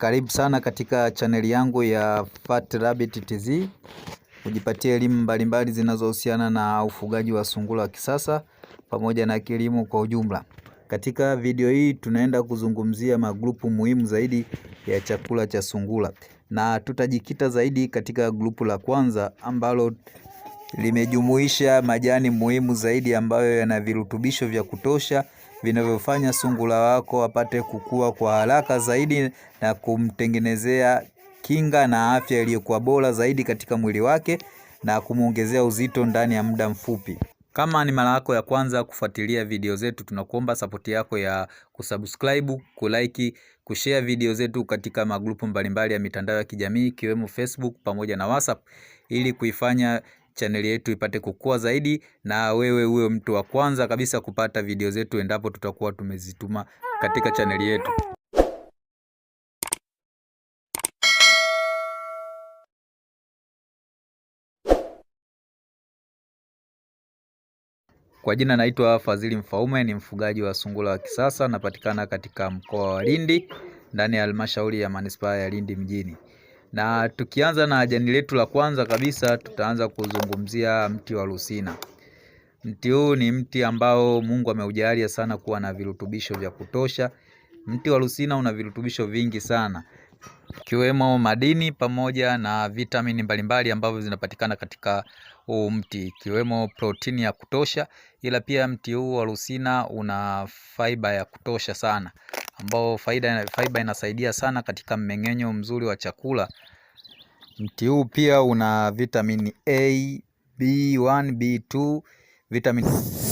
Karibu sana katika chaneli yangu ya Fat Rabbit TZ ujipatie elimu mbalimbali zinazohusiana na ufugaji wa sungura wa kisasa pamoja na kilimo kwa ujumla. Katika video hii tunaenda kuzungumzia magrupu muhimu zaidi ya chakula cha sungura na tutajikita zaidi katika grupu la kwanza ambalo limejumuisha majani muhimu zaidi ambayo yana virutubisho vya kutosha vinavyofanya sungura wako apate kukua kwa haraka zaidi na kumtengenezea kinga na afya iliyokuwa bora zaidi katika mwili wake na kumwongezea uzito ndani ya muda mfupi. Kama ni mara yako ya kwanza kufuatilia video zetu, tunakuomba sapoti yako ya kusubscribe, kulike, kushare video zetu katika magrupu mbalimbali ya mitandao ya kijamii ikiwemo Facebook pamoja na WhatsApp ili kuifanya chaneli yetu ipate kukua zaidi, na wewe uwe mtu wa kwanza kabisa kupata video zetu endapo tutakuwa tumezituma katika chaneli yetu. Kwa jina naitwa Fadhili Mfaume, ni mfugaji wa sungura wa kisasa, napatikana katika mkoa wa Lindi ndani ya halmashauri ya manispaa ya Lindi mjini. Na tukianza na jani letu la kwanza kabisa, tutaanza kuzungumzia mti wa Lusina. Mti huu ni mti ambao Mungu ameujalia sana kuwa na virutubisho vya kutosha. Mti wa Lusina una virutubisho vingi sana ikiwemo madini pamoja na vitamini mbalimbali ambavyo zinapatikana katika huu mti ikiwemo protini ya kutosha, ila pia mti huu wa Lusina una fiber ya kutosha sana ambao faida, faiba inasaidia sana katika mmeng'enyo mzuri wa chakula. Mti huu pia una vitamini A, B1, B2, vitamini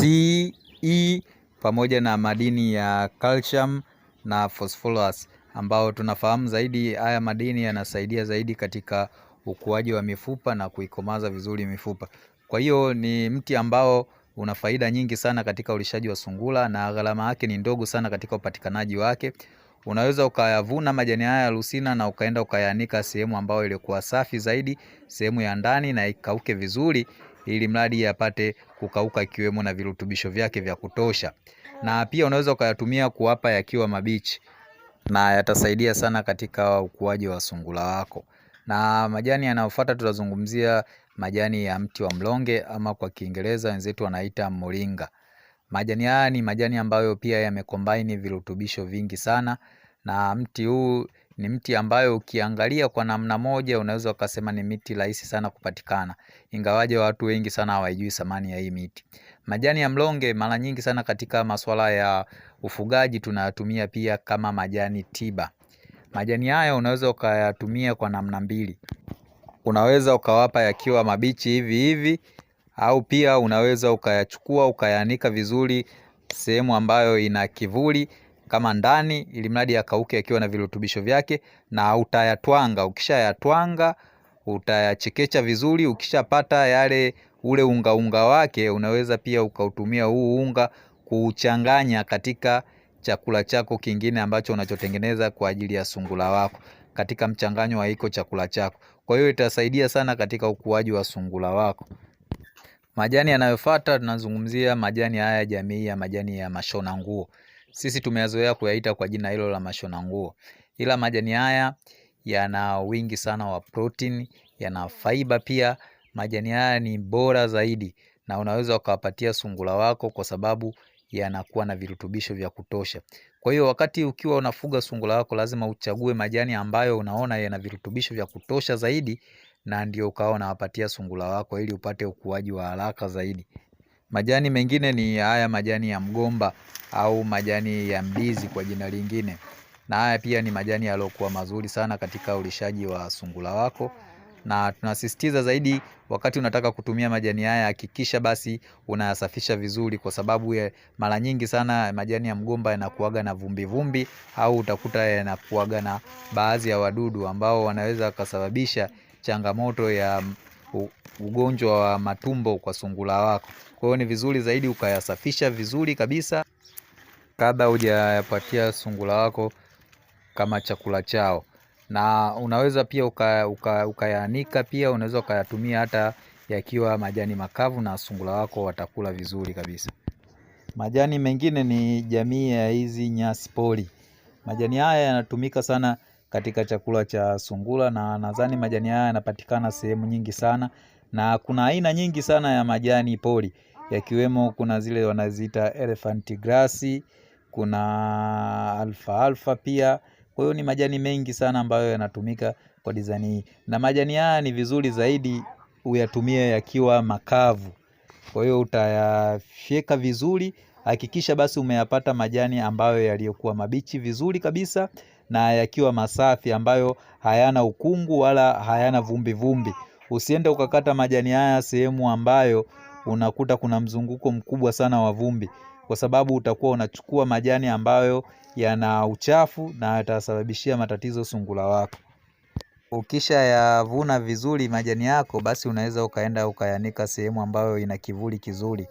C, E pamoja na madini ya calcium na phosphorus ambao tunafahamu zaidi, haya madini yanasaidia zaidi katika ukuaji wa mifupa na kuikomaza vizuri mifupa. Kwa hiyo ni mti ambao una faida nyingi sana katika ulishaji wa sungura na gharama yake ni ndogo sana katika upatikanaji wake. Unaweza ukayavuna majani haya ya lusina na ukaenda ukayanika sehemu ambayo ilikuwa safi zaidi, sehemu ya ndani na ikauke vizuri, ili mradi yapate kukauka ikiwemo na virutubisho vyake vya kutosha. Na pia unaweza ukayatumia kuwapa yakiwa mabichi na yatasaidia sana katika ukuaji wa sungura wako. Na majani yanayofuata tutazungumzia majani ya mti wa mlonge ama kwa Kiingereza wenzetu wanaita moringa. Majani haya ni majani ambayo pia yamekombaini virutubisho vingi sana na mti huu ni mti ambayo ukiangalia kwa namna moja unaweza ukasema ni miti rahisi sana kupatikana, ingawaje watu wengi sana hawajui thamani ya hii miti. Majani ya mlonge mara nyingi sana katika masuala ya ufugaji tunayatumia pia kama majani tiba. Majani haya unaweza ukayatumia kwa namna mbili unaweza ukawapa yakiwa mabichi hivi hivi, au pia unaweza ukayachukua ukayanika vizuri sehemu ambayo ina kivuli kama ndani, ili mradi yakauke yakiwa na virutubisho vyake, na utayatwanga. Ukishayatwanga utayachekecha vizuri, ukishapata yale ule unga unga wake, unaweza pia ukautumia huu unga kuuchanganya katika chakula chako kingine ambacho unachotengeneza kwa ajili ya sungura wako katika mchanganyo wa hiko chakula chako. Kwa hiyo itasaidia sana katika ukuaji wa sungura wako. Majani yanayofuata tunazungumzia majani haya jamii ya majani ya mashona nguo. Sisi tumeyazoea kuyaita kwa jina hilo la mashona nguo. Ila majani haya yana wingi sana wa protein, yana fiber pia. Majani haya ni bora zaidi na unaweza ukawapatia sungura wako kwa sababu yanakuwa na virutubisho vya kutosha. Kwa hiyo wakati ukiwa unafuga sungura wako lazima uchague majani ambayo unaona yana virutubisho vya kutosha zaidi na ndio ukawa unawapatia sungura wako ili upate ukuaji wa haraka zaidi. Majani mengine ni haya majani ya mgomba au majani ya mdizi kwa jina lingine. Na haya pia ni majani yaliyokuwa mazuri sana katika ulishaji wa sungura wako na tunasisitiza zaidi, wakati unataka kutumia majani haya hakikisha basi unayasafisha vizuri, kwa sababu mara nyingi sana majani ya mgomba yanakuaga na vumbi vumbi, au utakuta yanakuaga na baadhi ya wadudu ambao wanaweza wakasababisha changamoto ya ugonjwa wa matumbo kwa sungura wako. Kwa hiyo ni vizuri zaidi ukayasafisha vizuri kabisa kabla hujayapatia sungura wako kama chakula chao na unaweza pia ukayaanika uka, uka pia unaweza ukayatumia hata yakiwa majani makavu na sungura wako watakula vizuri kabisa. Majani mengine ni jamii ya hizi nyasi pori. Majani haya yanatumika sana katika chakula cha sungura na nadhani majani haya yanapatikana sehemu nyingi sana na kuna aina nyingi sana ya majani poli yakiwemo kuna zile wanaziita elephant grass, kuna alfalfa pia kwa hiyo ni majani mengi sana ambayo yanatumika kwa design hii. Na majani haya ni vizuri zaidi uyatumie yakiwa makavu. Kwa hiyo utayafyeka vizuri, hakikisha basi umeyapata majani ambayo yaliyokuwa mabichi vizuri kabisa na yakiwa masafi ambayo hayana ukungu wala hayana vumbi vumbi. Usiende ukakata majani haya sehemu ambayo unakuta kuna mzunguko mkubwa sana wa vumbi kwa sababu utakuwa unachukua majani ambayo yana uchafu na yatasababishia matatizo sungura wako. Ukisha yavuna vizuri majani yako, basi unaweza ukaenda ukayanika sehemu ambayo ina kivuli kizuri,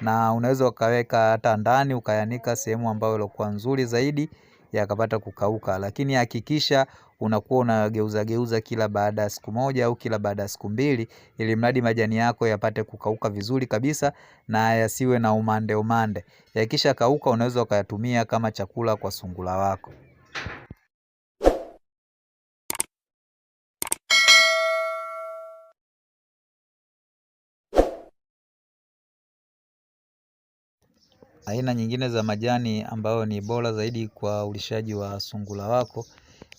na unaweza ukaweka hata ndani ukayanika sehemu ambayo ilikuwa nzuri zaidi yakapata kukauka, lakini hakikisha unakuwa unageuza geuza kila baada ya siku moja au kila baada ya siku mbili ili mradi majani yako yapate kukauka vizuri kabisa na yasiwe na umande umande. Yakisha kauka unaweza ukayatumia kama chakula kwa sungura wako. Aina nyingine za majani ambayo ni bora zaidi kwa ulishaji wa sungura wako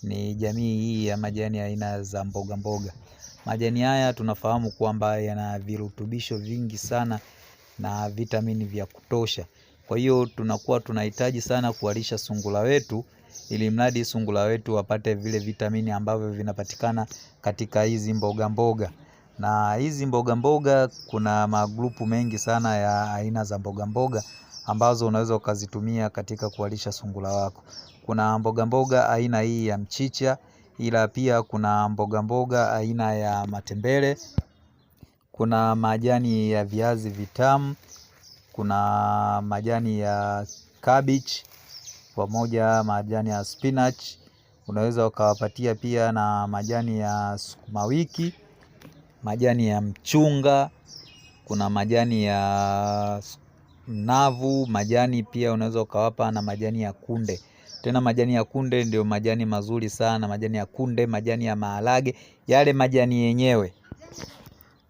ni jamii hii ya majani aina za mboga mboga. Majani haya tunafahamu kwamba yana virutubisho vingi sana na vitamini vya kutosha. Kwa hiyo tunakuwa tunahitaji sana kuwalisha sungura wetu ili mradi sungura wetu wapate vile vitamini ambavyo vinapatikana katika hizi mboga mboga. Na hizi mboga mboga kuna magrupu mengi sana ya aina za mboga mboga ambazo unaweza ukazitumia katika kuwalisha sungura wako. Kuna mboga mboga aina hii ya mchicha, ila pia kuna mboga mboga aina ya matembele, kuna majani ya viazi vitamu, kuna majani ya cabbage pamoja majani ya spinach. Unaweza ukawapatia pia na majani ya sukuma wiki, majani ya mchunga, kuna majani ya navu, majani pia unaweza ukawapa na majani ya kunde. Tena majani ya kunde ndio majani mazuri sana, majani ya kunde, majani ya maharage, yale majani yenyewe.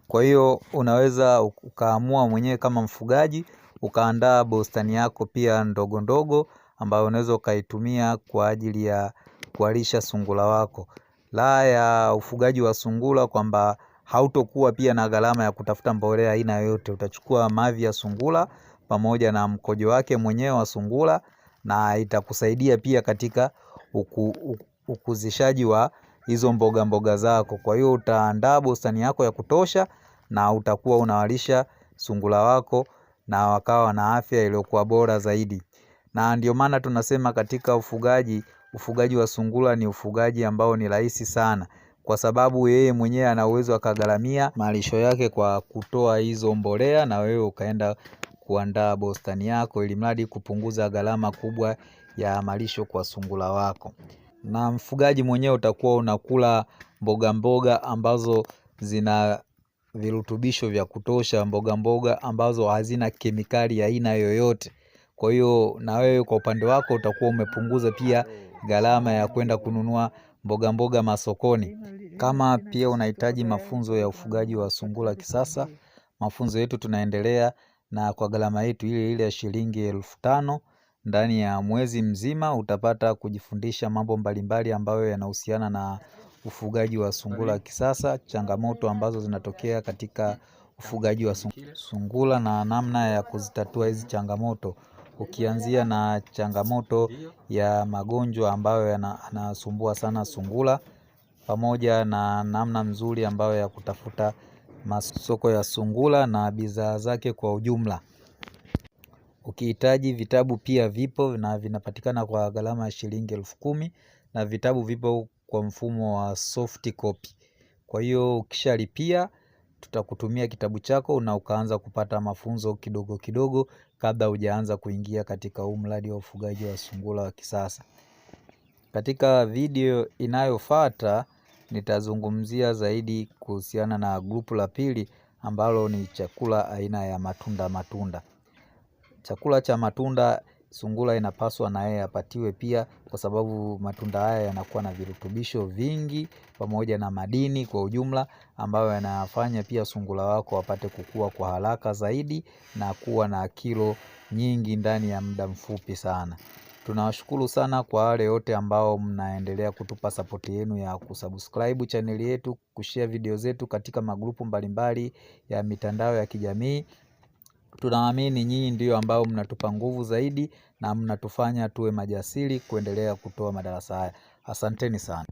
Kwa hiyo unaweza ukaamua mwenyewe kama mfugaji ukaandaa bustani yako pia ndogo ndogo ambayo unaweza ukaitumia kwa ajili ya kuwalisha sungura wako. La ya ufugaji wa sungura kwamba hautokuwa pia na gharama ya kutafuta mbolea aina yoyote, utachukua mavi ya sungura pamoja na mkojo wake mwenyewe wa sungura, na itakusaidia pia katika uku, ukuzishaji wa hizo mboga mboga zako. Kwa hiyo utaandaa bustani yako ya kutosha na utakuwa unawalisha sungura wako na wakawa na afya iliyokuwa bora zaidi. Na ndio maana tunasema katika ufugaji, ufugaji wa sungura ni ufugaji ambao ni rahisi sana, kwa sababu yeye mwenyewe ana uwezo akagharamia malisho yake kwa kutoa hizo mbolea, na wewe ukaenda kuandaa bustani yako ili mradi kupunguza gharama kubwa ya malisho kwa sungura wako. Na mfugaji mwenyewe utakuwa unakula mboga mboga ambazo zina virutubisho vya kutosha, mboga mboga ambazo hazina kemikali ya aina yoyote. Kwa hiyo na wewe kwa upande wako utakuwa umepunguza pia gharama ya kwenda kununua mboga mboga masokoni. Kama pia unahitaji mafunzo ya ufugaji wa sungura kisasa, mafunzo yetu tunaendelea na kwa gharama yetu ile ile ya shilingi elfu tano ndani ya mwezi mzima utapata kujifundisha mambo mbalimbali ambayo yanahusiana na ufugaji wa sungura wa kisasa, changamoto ambazo zinatokea katika ufugaji wa sungura na namna ya kuzitatua hizi changamoto, ukianzia na changamoto ya magonjwa ambayo yanasumbua sana sungura, pamoja na namna nzuri ambayo ya kutafuta masoko ya sungura na bidhaa zake kwa ujumla. Ukihitaji vitabu pia vipo na vinapatikana kwa gharama ya shilingi elfu kumi na vitabu vipo kwa mfumo wa soft copy. Kwa hiyo ukishalipia tutakutumia kitabu chako na ukaanza kupata mafunzo kidogo kidogo kabla hujaanza kuingia katika huu mradi wa ufugaji wa sungura wa kisasa. Katika video inayofuata Nitazungumzia zaidi kuhusiana na grupu la pili ambalo ni chakula aina ya matunda matunda Chakula cha matunda sungura inapaswa na yeye apatiwe pia kwa sababu matunda haya yanakuwa na virutubisho vingi pamoja na madini kwa ujumla ambayo yanafanya pia sungura wako wapate kukua kwa haraka zaidi na kuwa na kilo nyingi ndani ya muda mfupi sana. Tunawashukuru sana kwa wale wote ambao mnaendelea kutupa sapoti yenu ya kusubscribe chaneli yetu, kushare video zetu katika magrupu mbalimbali ya mitandao ya kijamii. Tunaamini nyinyi ndio ambao mnatupa nguvu zaidi na mnatufanya tuwe majasiri kuendelea kutoa madarasa haya. Asanteni sana.